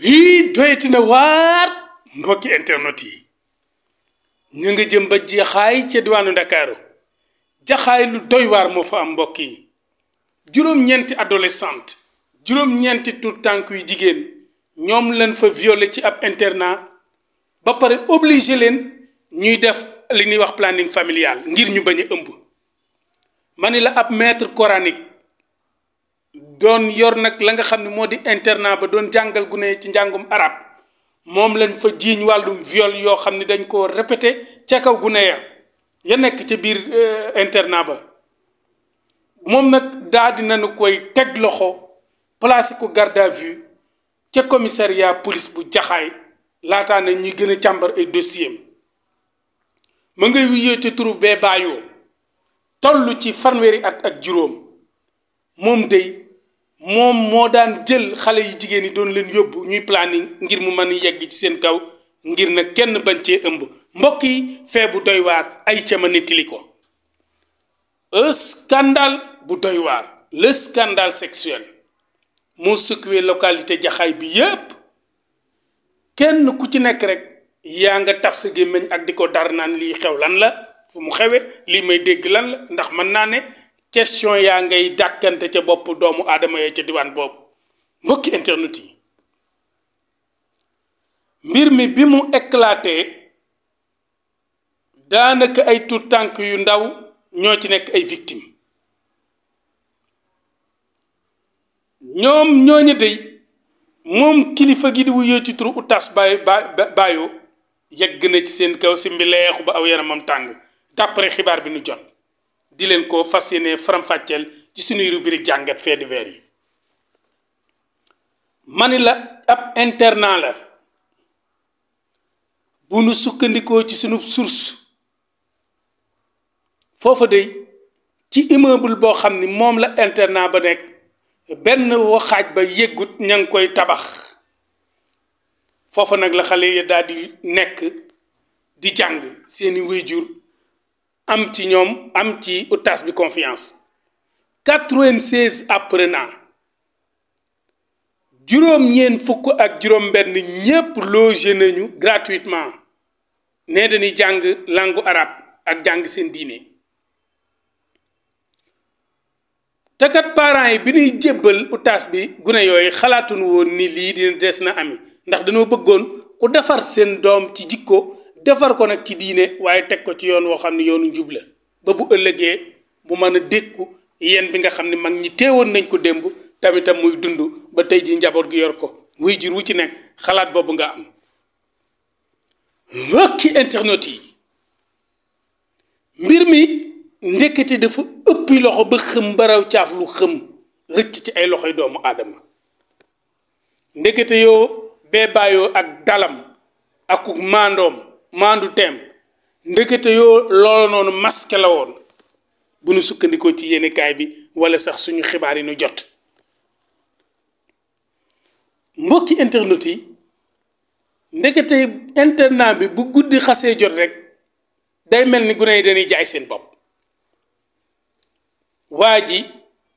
lii doyetina waar mbokki internat yi ñu ngi jëm ba jaxaay ca diwaanu ndakaaru jaxaay lu doy waar moo fa am mbokk yi juróom-ñeenti adolescente juróom-ñeenti tout tànk yu jigéen ñoom leen fa violé ci ab internat ba pare obligé leen ñuy def li ñuy wax planning familial ngir ñu bañ a ëmb ma la ab maître coranique doon yor nag la nga xam ne moo di internat ba doon jàngal gune ci njàngum arab moom lañ fa jiiñ wàllum viol yoo xam ne dañ koo répété ca kaw gune ya ya nekk ca biir euh, internat ba moom nag daa di nañu koy teg loxo placé ko garde à vue ca commissariat police bu jaxaay laataa na ñuy gën a càmbar ay dossier am ma ngay wuyoo ca turu bee baayoo toll ci fanweeri at ak juróom moom day moom moo daan jël xale yi jigéen yi doon leen yóbbu ñuy planning ngir mu mën a yegg ci seen kaw ngir na kenn bañ cee ëmb mbokk yi fee bu doy ay ca ma nettali ko scandale bu doy waar le scandale sexuel moo secoué localité jaxaay bi yépp kenn ku ci nekk rek yaa nga taf sa gémmiñ ak di ko dara naan lii xew lan la fu mu xewe lii may dégg lan la ndax mën naa ne question yaa ngay dàkkante ca bopp doomu aadama yee ca diwaan boobu mbokki internet yi mbir mi bi mu éclaté daanaka ay tuut tànk yu ndaw ñoo ci nekk ay victime ñoom ñooñu dey moom kilifa gi di wuyoo ci turu Oustaz Baye Bayo yegg na ci seen kaw si ba aw yaramam tàng d'après xibaar bi nu jot di leen ko fas yéene faram ci suñuy rubrique jàngat fait divers yi ma ni la ab internat la bu nu sukkandikoo ci sunu source foofa dey ci immeuble boo xam ni moom la internat ba nekk benn waxaaj ba yëggut ña ngi koy tabax foofa nag la xale yi daal di nekk di jàng seeni wéyjur am ci ñoom am ci otage bi confiance quatre-vingt-seize apprenants juróom-ñeent fukk ak juróom-benn ñépp logé nañu gratuitement ne dañuy jàng langue arabe ak jàng seen diine te parent yi bi nuy jébbal otage bi gune yooyu xalaatuñu woon ni lii dina des na ami ndax dañoo bëggoon ku defar seen doom ci jikko defar ko nag ci diine waaye teg ko ci yoon woo xam ne yoonu njub ba bu ëllëgee bu mën a dékku yéen bi nga xam ne mag ñi teewoon nañ ko démb tamitam muy dund ba tey ji njaboot gi yor ko wuy jur wu ci nekk xalaat boobu nga am mbokki internet yi mbir mi ndekete dafa ëppi loxo ba xëm baraw caaf lu xëm rëcc ci ay loxoy doomu aadama ndekete yoo bee baayoo ak dalam akuk maandoom maandu teem ndëkkate yoo loolu noonu masque la woon bu nu sukkandikoo ci yéenekaay bi wala sax suñu xibaar yi nu jot mbokki internet yi ndekete internat bi bu guddi xasee jot rek day mel ni gune yi dañuy jaay seen bopp waa ji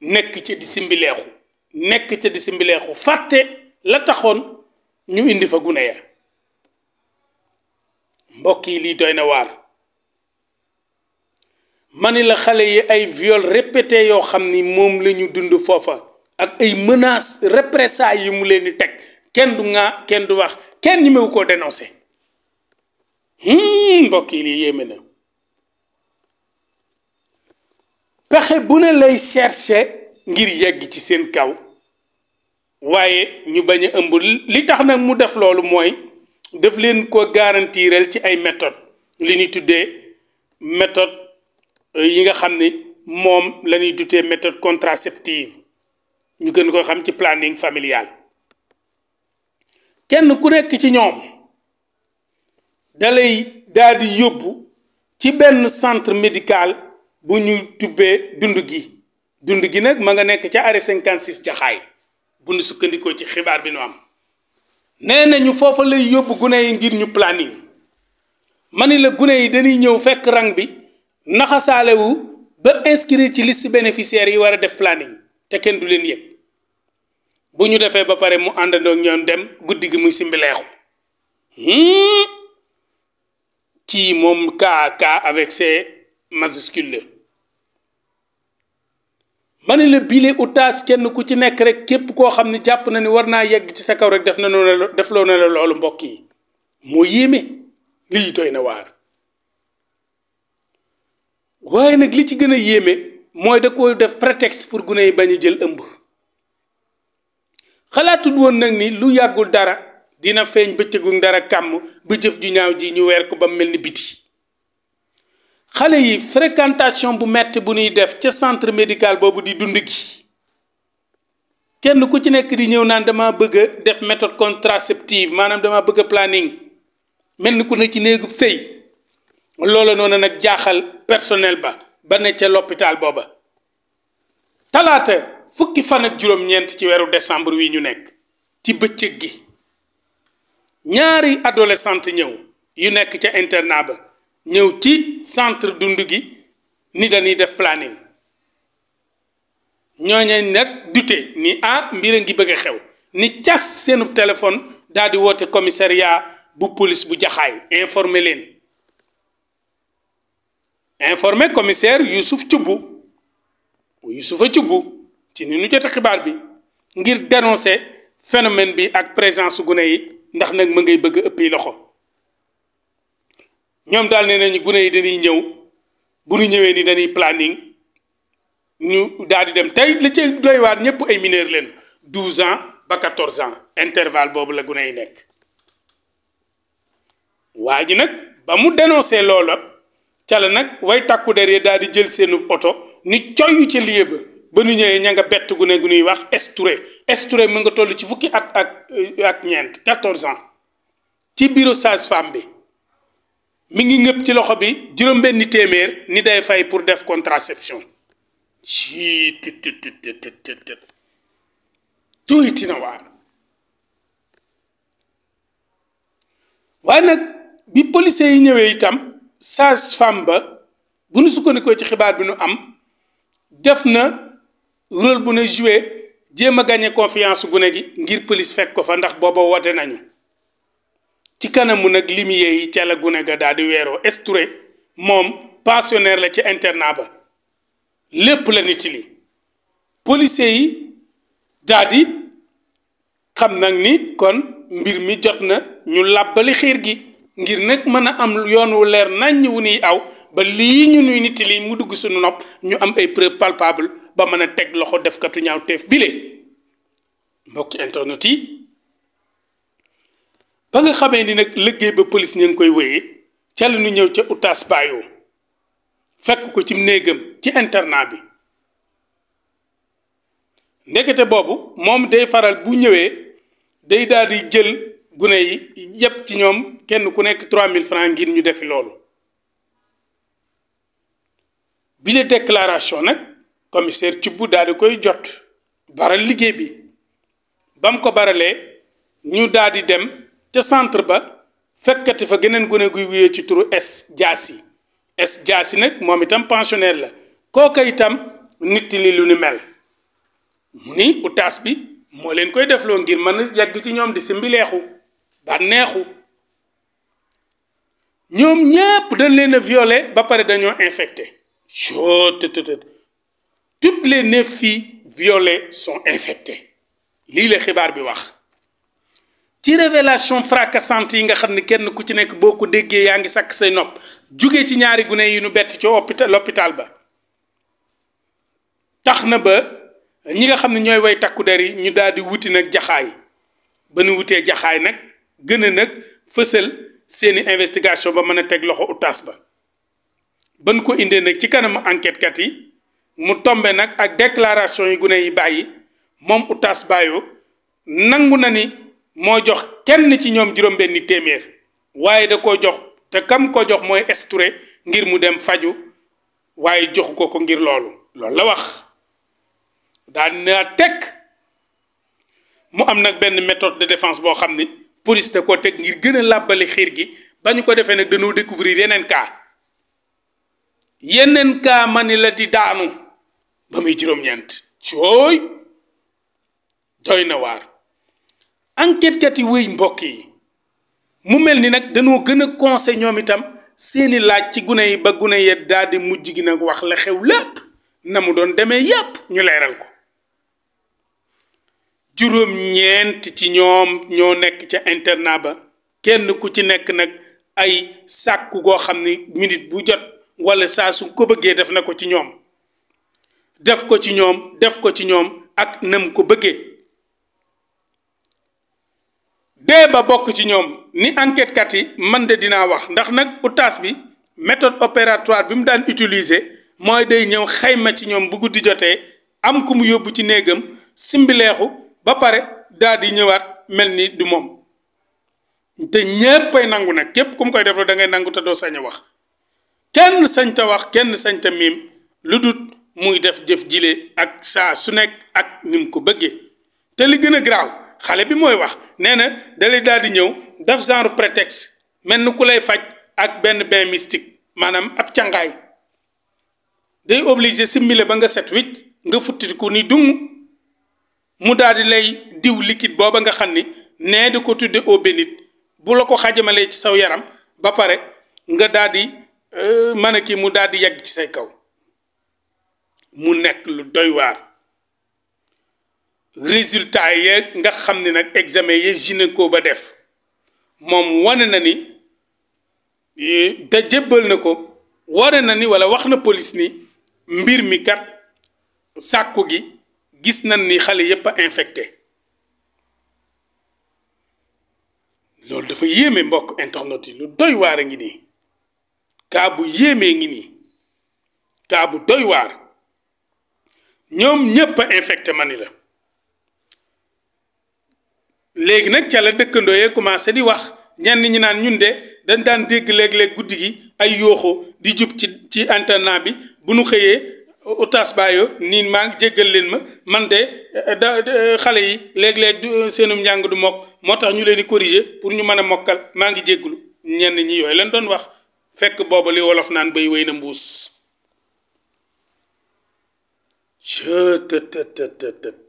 nekk ca di simbileexu nekk ca di simbileexu fàtte la taxoon ñu indi fa gune ya mbokk yi lii doy na waar mani la xale yi ay viol répété yoo xam ni moom lañu dund foofa ak ay mënaas représailles yu mu leen di teg kenn du ŋaa kenn du wax kenn ñu mewu koo dénoncé hmm, mbokki yi lii yéeme na pexe bu ne lay cherché ngir yegg ci seen kaw waaye ñu bañ a ëmb li tax nag mu def loolu mooy def leen ko garantirel ci ay méthode li ñuy tuddee méthode euh, yi nga xam ni moom la ñuy tuddee méthode contraceptive ñu gën ko xam ci planning familial kenn ku nekk ci ñoom dalay daal di yóbbu ci benn centre médical bu ñu tubbee dund gi dund gi nag ma nga nekk ca arrêt 56 jaxaay bu nu sukkandikoo ci xibaar bi nu am nee nañu foofa lay yóbbu gune yi ngir ñu planning ma ni la gune yi dañuy ñëw fekk rang bi naxasaale wu ba inscrire ci liste bénéficiaires yi war a def planning te kenn du leen yëg bu ñu defee ba pare mu àndandoo ak ñoom dem guddi gi muy simbileexu hmm? kii moom kaa kaa avec ses majuscules ma ne la bile utaas kenn ku ci nekk rek képp koo xam ne jàpp na ni war naa yegg ci sa kaw rek def na noonu def loo loolu mbokk yi moo yéeme lii doy na waar waaye nag li ci gën a yéeme mooy da ko def prétexte pour gune yi bañ a jël ëmb xalaatul woon nag ni lu yàggul dara dina feeñ bëccëgu dara kàmm ba jëf ju ñaaw ji ñu weer ko ba mu mel ni biti xale yi fréquentation bu metti bu ñuy def ca centre médical boobu di dund gi kenn ku ci nekk di ñëw naan dama bëgg a def méthode contraceptive maanaam dama bëgg a planning mel ni ku ne ci néegu sëy loola noonu nag jaaxal personnel ba ba ne ca l'hôpital booba talaata fukki fan ak juróom-ñeent ci weeru décembre wi ñu nekk ci bëccëg gi ñaari adolescente ñëw yu nekk ca internat ba ñëw ci centre dund gi ni dañuy def planning ñooñee nag dute ni a ah, mbir a ngi bëgg xew ni cas seenu téléphone daal di woote commissariat bu police bu jaxaay informer leen informer commissaire Youssouf Thioub Youssoufa Thioub ci ni ñu jote xibaar bi ngir dénoncer phénomène bi ak présence gune yi ndax nag mu ngay bëgg ëppi loxo ñoom daal nee nañu gune yi dañuy ñëw bu ñu ñëwee ni dañuy planning ñu daal di dem tey li ci doy waar ñëpp ay mineur leen 12 ans ba 14 ans intervalle boobu la gune yi nekk waa ji nag ba mu dénoncé loola ca nag way takku der yi daal di jël seenu oto ni coyyu ci lieu ba ba nu ñëwee ña nga bett gune gu ñuy wax esturé esturé mu nga toll ci fukki at ak ñeent 14 ans ci bureau sage femme bi mi ngi ngëpp ci loxo bi juróom-benni téeméer ni day fay pour def contraception ci tut tut tut tuuti na waar waaye nag bi policiers yi ñëwee itam sage-femme ba bu nu sukkandikoo ci xibaar bi nu am def na rôle bu na joué jéem a gagné confiance gune gi ngir police fekk ko fa ndax booba woote nañu ci kanamu nag limier yi ca la gune ga daal di weeroo esturé moom pensionnaire la ci internat ba lépp la nit li policier yi daal di xam nag ni kon mbir mi jot na ñu làbbali xiir gi ngir nag mën a am yoon wu leer naññ wu niy aw ba lii ñu nuy nit li mu dugg suñu nopp ñu am ay preuve palpable ba mën a teg loxo defkatu ñaaw teef bile mbokki internet yi ba nga xamee ni nag liggéey ba police ña ngi koy wéyee ca la ñëw ca Oustaz Bayo fekk ko ci néegam ci internat bi ndekete boobu moom day faral bu ñëwee day daldi jël gune yi yépp ci ñoom kenn ku nekk mille francs ngir ñu defi loolu bi la déclaration nag commissaire Thioub daal di koy jot baral liggéey bi bam ko baralee ñu daal dem ca centre ba fekkati fa geneen gone guy wuyee ci turu S Jaasi S Jaasi nag moom itam pensionnaire la kooka itam nitti li lu ni mel mu ni utaas bi moo leen koy defloo ngir mën a yàgg ci ñoom di si mbileexu neexu ñoom ñépp dañ leen a violé ba pare dañoo infecté chottt toutes les neuf filles violées sont infecté lii la xibaar bi wax ci révélation fracassante yi nga xam ne kenn ku ci nekk boo ko déggee yaa ngi sakk say nopp jóge ci ñaari gune yi nu bett ci l'hôpital ba tax na ba ñi nga xam ne ñooy way takku der yi ñu daal di wuti nag jaxaay ba nu wutee jaxaay nag gën nag fësal seeni investigation ba mën a teg loxo utaas ba ban ko indee nag ci kanamu enquête kat yi mu tombe nag ak déclaration yi gune yi bàyyi moom utaas bàyyoo nangu na ni moo jox kenn ci ñoom juróom-benni téeméer waaye da koo jox te kam ko jox mooy esturé ngir mu dem faju waaye joxu ko ko ngir loolu loolu la wax daan naa teg mu am nag benn méthode de défense boo xam ne police da koo teg ngir gën a làbbali xiir gi ba ñu ko defee nag dañoo découvrir yeneen cas yeneen cas ma ni la di daanu ba muy juróom-ñeent sooy doy na waar enquête kat yi mbokk yi mu mel ni nag dañoo gën a conseil ñoom itam seeni laaj ci gune yi ba gune ya daal di mujj gi nag wax la xew lépp na mu doon demee yépp ñu leeral ko juróom ñeent ci ñoom ñoo nekk ca internat ba kenn ku ci nekk nag ay sàkku goo xam ni minute bu jot wala saa su ko bëggee def na ko ci ñoom def ko ci ñoom def ko ci ñoom ak nam ko bëggee dee ba bokk ci ñoom ni enquête yi man de dinaa wax ndax nag oustaz bi méthode opératoire bi mu daan utiliser mooy day ñëw xayma ci ñoom bu guddi jotee am ku mu yóbbu ci néegam simbileexu ba pare daal di ñëwaat mel ni du moom te ñéppay nangu nag képp ku mu koy defloo dangay ngay nangu te doo sañ wax kenn sañ ta wax kenn sañ ta miim lu dut muy def jëf jile ak saa su nekk ak ni mu ko bëggee te li gën a garaaw xale bi mooy wax nee na dalay daal di ñëw daf genre prétexte mel ni ku lay faj ak benn bain mystique maanaam ab càngaay day obligé simbile ba nga set wicc nga futtitiku ni dung mu daal di lay diw liquide booba nga xam ni nee di ko tudde eau bénite bu la ko xajamalee ci saw yaram ba pare nga daal di euh, mën mu daal di yegg ci say kaw mu nekk lu doy waar résultat yeeg nga xam ne nag examen yi gynéco ba def moom wane na ni da jébbal na ko wane na ni walla wax na police ni mbir mi kat sàkku gi gis nañ ni xale yépp a infecté loolu dafa yéeme mbokk internet yi lu doy waar a ngi nii kaa bu yéemee ngi nii kaa bu doy waar ñoom ñépp a infecté ma ni la léegi nag ca la dëkkandoo yee commencé di wax ñenn ñi naan ñun de dañ daan dégg léeg-léeg guddi gi ay yooxoo di jub ci ci internat bi bu nu xëyee otas baayo nii maa ngi jéggal leen ma man de eh, da eh, xale yi léeg-léeg du eh, seenum njàng du mokk moo tax ñu leen di corriger pour ñu mën a mokkal maa ngi jégglu ñenn ñi yooyu leen doon wax fekk booba li wolof naan bay wéy na mbuus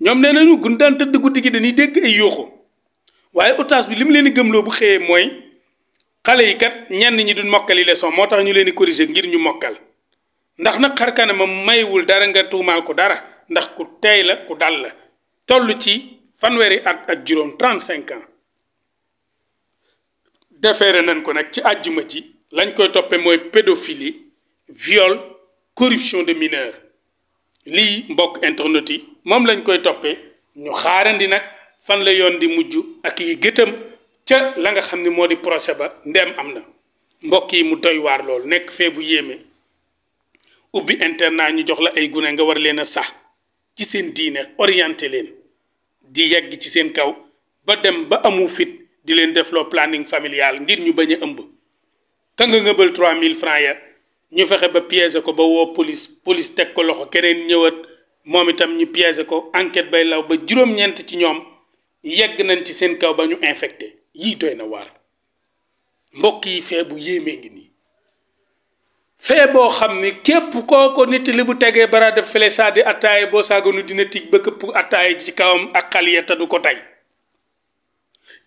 ñoom nee nañu gun daan tëdd guddi gi dañuy dégg ay yooxoo waaye otage bi li mu leen di gëmloo bu xëyee mooy xale yi kat ñenn ñi du mokkali leçon moo tax ñu leen di corriger ngir ñu mokkal ndax nag xar kanamam maywul dara nga tuumaal ko dara ndax ku tey la ku dal la toll ci fanweeri at ak juróom 35 ans defeere nañ ko nag ci àjjuma ci lañ koy toppee mooy pédophilie viol corruption de mineur lii mbokk internet yi moom lañ koy toppee ñu xaarandi nag. fan la yoon di mujj ak yi gëtam ca la nga xam ni moo di procès ba ndem am na mbokk yi mu toywaar lool nekk fee bu yéemee ubbi internat ñu jox la ay gune nga war leen a sax ci seen diine orienté leen di yegg ci seen kaw ba dem ba amu fit di leen defloo planning familial ngir ñu bañ ëmb ka nga ngëbal 3000 francs ya ñu fexe ba piéger ko ba woo police police teg ko loxo keneen ñëwaat moom itam ñu piéger ko enquête bay law ba juróom-ñeent ci ñoom yegg nañ ci seen kaw ba ñu infecté yii doy na waar mbokk yi fee bu yéemee ngi nii fee boo xam ni képp kooko nit li bu tegee bara def fele saa di attaaye boo saaganu dina tig ba këpp attaaye ci kawam ak xal du ko tey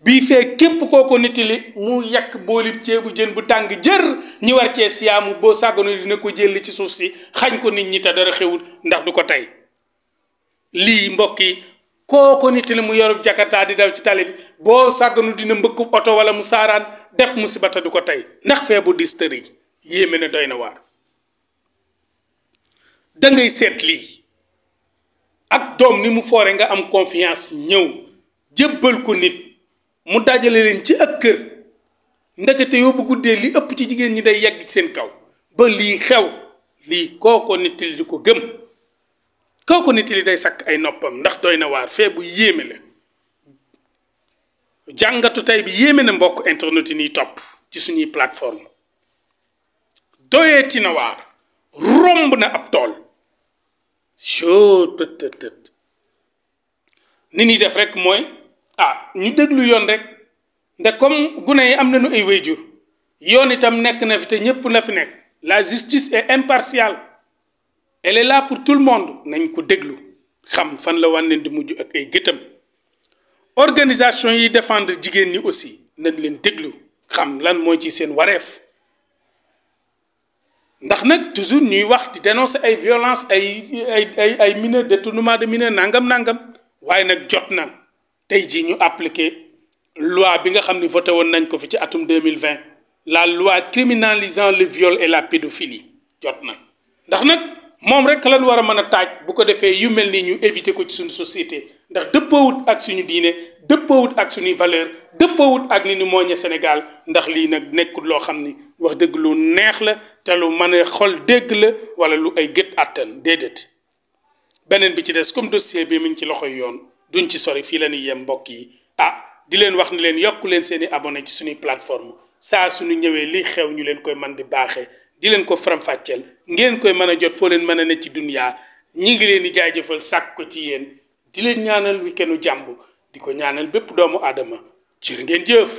bii fee képp kooko nit li mu yàq boolib ceebu jën bu tàng jër ñi war cee siyaamu boo saaganu dina ko jël ci suuf si xañ ko nit ñi te dara xewul ndax du ko tey lii mbokk yi koo ko nitali mu yorub jakarta di daw ci tali bi boo sàgganu dina mbëkk oto wala mu saaraan def musibata du ko tey ndax feebu dis tëri yéeme ne doy na waar dangay seet lii ak doom ni mu foore nga am confiance ñëw jébbal ko nit mu dajale leen ci ak kër ndekete yoo bu guddee li ëpp ci jigéen ñi day yegg ci seen kaw ba lii xew lii koo ko nitali di ko gëm koo ko nit li day sakk ay noppam ndax doy na waar fee bu yéeme la jàngatu tey bi yéeme na mbokk internet yi niy topp ci suñuy plateforme doyeeti na waar romb na ab tool soo tët tët tët ni ñuy def rek mooy ah ñu déglu yoon rek ndax comme gune yi am nañu ay wéyjur yoon itam nekk na fi te ñépp la fi nekk la justice est impartiale elle est pour tout le monde nañ ko déglu xam fan la wan leen di mujj ak ay gëtam organisation yi défendre jigéen ñi aussi nañ leen déglu xam lan mooy ci seen wareef ndax nag toujours ñuy wax di dénoncer ay violence ay ay ay ay mineur détournement de mineur nangam nangam waaye nag jot na tey jii ñu appliquer loi bi nga xam ni voté woon nañ ko fi ci atum 2020 la loi criminalisant le viol et la pédophilie jot na ndax nag moom rek lañ war a mën a taaj bu ko defee yu mel ni ñu éviter ko ci suñu société ndax dëppoowut ak suñu diine dëppowut ak suñuy valeur dëppowut ak ni ni mooñe Sénégal ndax lii nag nekkul loo xam ni wax dëgg lu neex la te lu mën a xol dégg la wala lu ay gët àttan déedéet beneen bi ci des comme dossier bi mu ngi ci loxoy yoon duñ ci sori fii la ñuy yem mbokk yi ah di leen wax ni leen yokk leen seen i abonné ci suñuy plateforme saa suñu ñëwee li xew ñu leen koy man di baaxee di leen ko faram-fàcceel ngeen koy mën a jot foo leen mën a ne ci duniyaa ñi ngi leen di jaajëfal sàkk ko ci yéen di leen ñaanal weekendu jàmb di ko ñaanal bépp doomu aadama jërë ngeen jëf